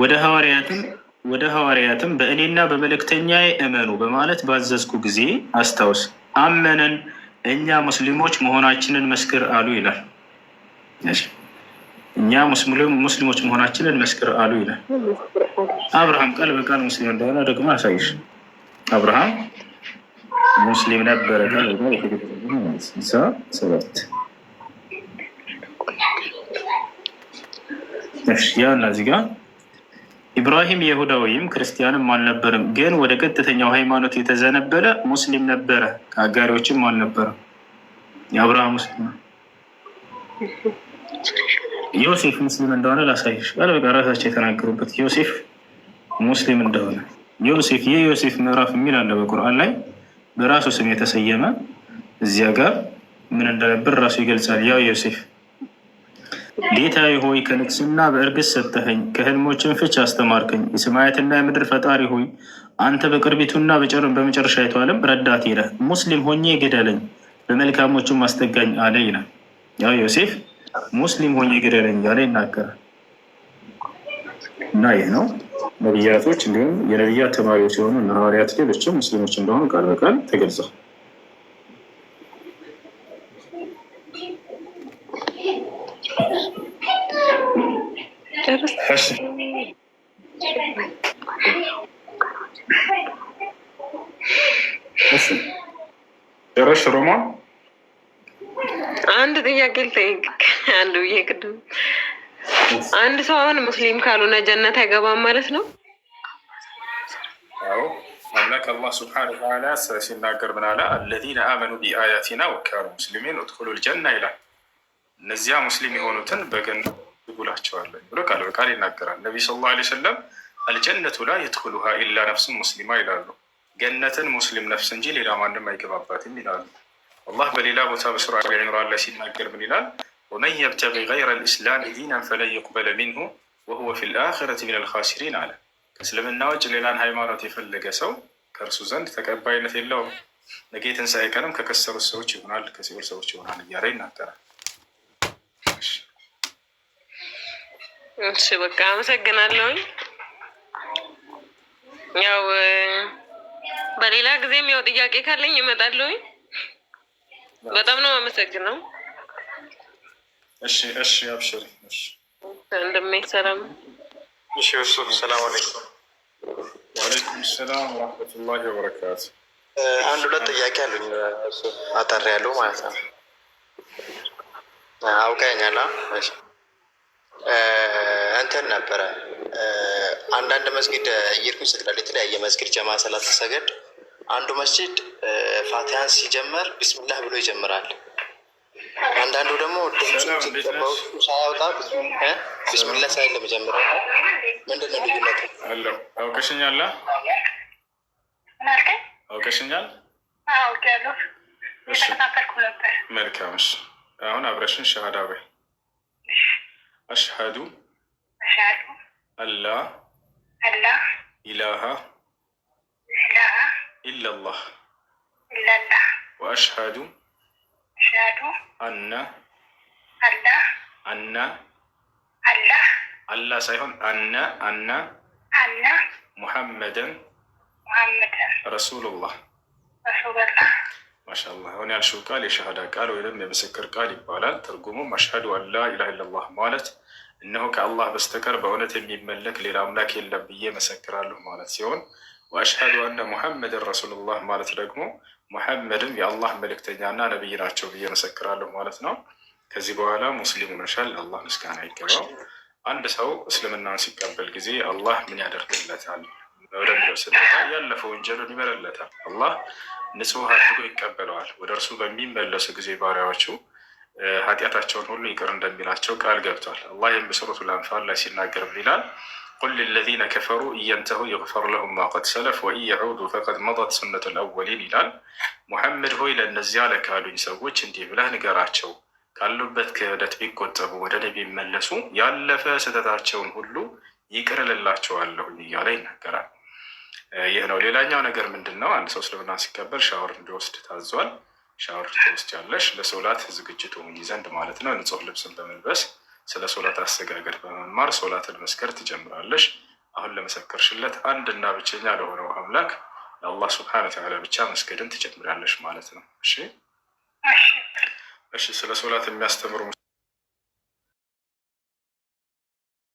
ወደ ሐዋርያትም ወደ ሐዋርያትም በእኔና በመልእክተኛ እመኑ በማለት ባዘዝኩ ጊዜ አስታውስ፣ አመነን እኛ ሙስሊሞች መሆናችንን መስክር አሉ ይላል። እኛ ሙስሊሞች መሆናችንን መስክር አሉ ይላል። አብርሃም ቃል በቃል ሙስሊም እንደሆነ ደግሞ አሳይሽ። አብርሃም ሙስሊም ነበረ። ሰባት ያ እና እዚህ ጋር ኢብራሂም ይሁዳዊም ክርስቲያንም አልነበርም ግን ወደ ቀጥተኛው ሃይማኖት የተዘነበለ ሙስሊም ነበረ፣ ከአጋሪዎችም አልነበረም። የአብርሃም ሙስሊም ዮሴፍ ሙስሊም እንደሆነ ላሳይሽ። በቃ ራሳቸው የተናገሩበት ዮሴፍ ሙስሊም እንደሆነ ዮሴፍ የዮሴፍ ምዕራፍ የሚል አለ በቁርአን ላይ በራሱ ስም የተሰየመ እዚያ ጋር ምን እንደነበር ራሱ ይገልጻል። ያው ዮሴፍ ጌታዬ ሆይ ከንግስና በእርግስ ሰጠኸኝ፣ ከህልሞችን ፍች አስተማርከኝ። የሰማያትና የምድር ፈጣሪ ሆይ አንተ በቅርቢቱና በመጨረሻ የተዋለም ረዳት ይለ ሙስሊም ሆኜ ግደለኝ፣ በመልካሞቹም አስጠጋኝ አለ ይላል። ያው ዮሴፍ ሙስሊም ሆኜ ግደለኝ ያለ ይናገራል። እና ይህ ነው ነቢያቶች እንዲሁም የነቢያት ተማሪዎች የሆኑ ሐዋርያት ሌሎችም ሙስሊሞች እንደሆኑ ቃል በቃል ተገልጿል። ጨርስ። ጨረሽ ሮማ? አንድ ጥያቄ ልጠይቅ። አንዱ ብዬ ቅድም አንድ ሰው አሁን ሙስሊም ካልሆነ ጀነት አይገባም ማለት ነው? አዎ አምላክ አላህ ስብሐነ ወተዓላ ሲናገር ምን አለ? አለዚነ አመኑ ቢአያቲና ወካኑ ሙስሊሚን ኡድኹሉል ጀና ይላል። እነዚያ ሙስሊም የሆኑትን በገነት እላቸዋለሁ ብሎ ቃል በቃል ይናገራል። ነቢ ሰለላሁ ዐለይሂ ወሰለም አልጀነቱ ላ የድኹሉሃ ኢላ ነፍስን ሙስሊማ ይላሉ። ገነትን ሙስሊም ነፍስ እንጂ ሌላ ማንም አይገባባትም ይላሉ። አላህ በሌላ ቦታ በሱራ አሊ ዒምራን ላይ ሲናገር ምን ይላል? ወመን የብተጊ ገይረ ልእስላም ዲናን ፈለን የቅበለ ሚንሁ ወሁወ ፊ ልአኸረት ሚን አልኻሲሪን አለ። ከእስልምና ውጭ ሌላን ሃይማኖት የፈለገ ሰው ከእርሱ ዘንድ ተቀባይነት የለውም፣ ነገ የትንሣኤ ቀንም ከከሰሩት ሰዎች ይሆናል፣ ከሲኦል ሰዎች ይሆናል እያለ ይናገራል። እሺ በቃ አመሰግናለሁኝ። ያው በሌላ ጊዜም ያው ጥያቄ ካለኝ ይመጣለሁኝ። በጣም ነው አመሰግነው። እሺ እሺ፣ አብሽሪ። እሺ ሰላም አለይኩም። ወአለይኩም ሰላም ወራህመቱላሂ ወበረካቱ። አንድ ሁለት ጥያቄ አሉኝ አጠር ያለው ማለት ነው። አውቀኛላ አውቃኛላ እንትን ነበረ አንዳንድ መስጊድ እየሄድኩኝ ሰግዳለሁ። የተለያየ መስጊድ ጀማ ሰላት ሰገድ አንዱ መስጅድ ፋቲሃን ሲጀመር ቢስሚላህ ብሎ ይጀምራል። አንዳንዱ ደግሞ ድምፁ ሳያወጣ ቢስሚላህ ሳይል ለመጀመር ምንድን ነው ልዩነቱ? አውቀሽኛል አውቀሽኛል። መልካም። አሁን አብረሽን ሸሃዳ ወይ አሽሃዱ أشهد أن لا إله إله إلا الله إلا الله وأشهد أشهد أن الله أن الله الله صحيح أن أن أن محمدا محمدا رسول الله رسول الله ማሻላ አሁን ያልሽው ቃል የሸሃዳ ቃል ወይም የምስክር ቃል ይባላል። ትርጉሙም አሽሀዱ አላ ኢላሃ ኢለላህ ማለት እነሆ ከአላህ በስተቀር በእውነት የሚመለክ ሌላ አምላክ የለም ብዬ መሰክራለሁ ማለት ሲሆን ወአሽሀዱ አነ ሙሐመድን ረሱሉላህ ማለት ደግሞ ሙሐመድም የአላህ መልእክተኛና ነብይ ናቸው ብዬ መሰክራለሁ ማለት ነው። ከዚህ በኋላ ሙስሊሙ ነሻል አላህ ምስጋና ይገባው። አንድ ሰው እስልምናን ሲቀበል ጊዜ አላህ ምን ያደርግለታል? መውደድ ያለፈው ወንጀሉን ይመረለታል። አላህ ንጹሕ አድርጎ ይቀበለዋል። ወደ እርሱ በሚመለሱ ጊዜ ባሪያዎቹ ኃጢአታቸውን ሁሉ ይቅር እንደሚላቸው ቃል ገብቷል። አላህ ይህም በሱረቱል አንፋል ላይ ሲናገር ይላል? ቁል ሊለዚነ ከፈሩ እየንተሁ ይግፈር ለሁም ማ ቀድ ሰለፍ ወኢየዑዱ ፈቀድ መጠት ሱነት ልአወሊን ይላል። ሙሐመድ ሆይ ለእነዚያ ለካሉኝ ሰዎች እንዲህ ብለህ ንገራቸው ካሉበት ክህደት ቢቆጠቡ ወደ እኔ ቢመለሱ ያለፈ ስህተታቸውን ሁሉ ይቅር እልላቸዋለሁኝ እያለ ይናገራል። ይህ ነው። ሌላኛው ነገር ምንድን ነው? አንድ ሰው እስልምና ሲቀበል ሻወር እንዲወስድ ታዟል። ሻወር ትወስጃለሽ። ለሶላት ዝግጅት ሆኚ ዘንድ ማለት ነው። ንጹህ ልብስን በመልበስ ስለ ሶላት አሰጋገድ በመማር ሶላትን መስከር ትጀምራለሽ። አሁን ለመሰከርሽለት አንድና ብቸኛ ለሆነው አምላክ ለአላህ ስብሐነ ተዓላ ብቻ መስገድን ትጀምራለሽ ማለት ነው። እሺ፣ እሺ። ስለ ሶላት የሚያስተምሩ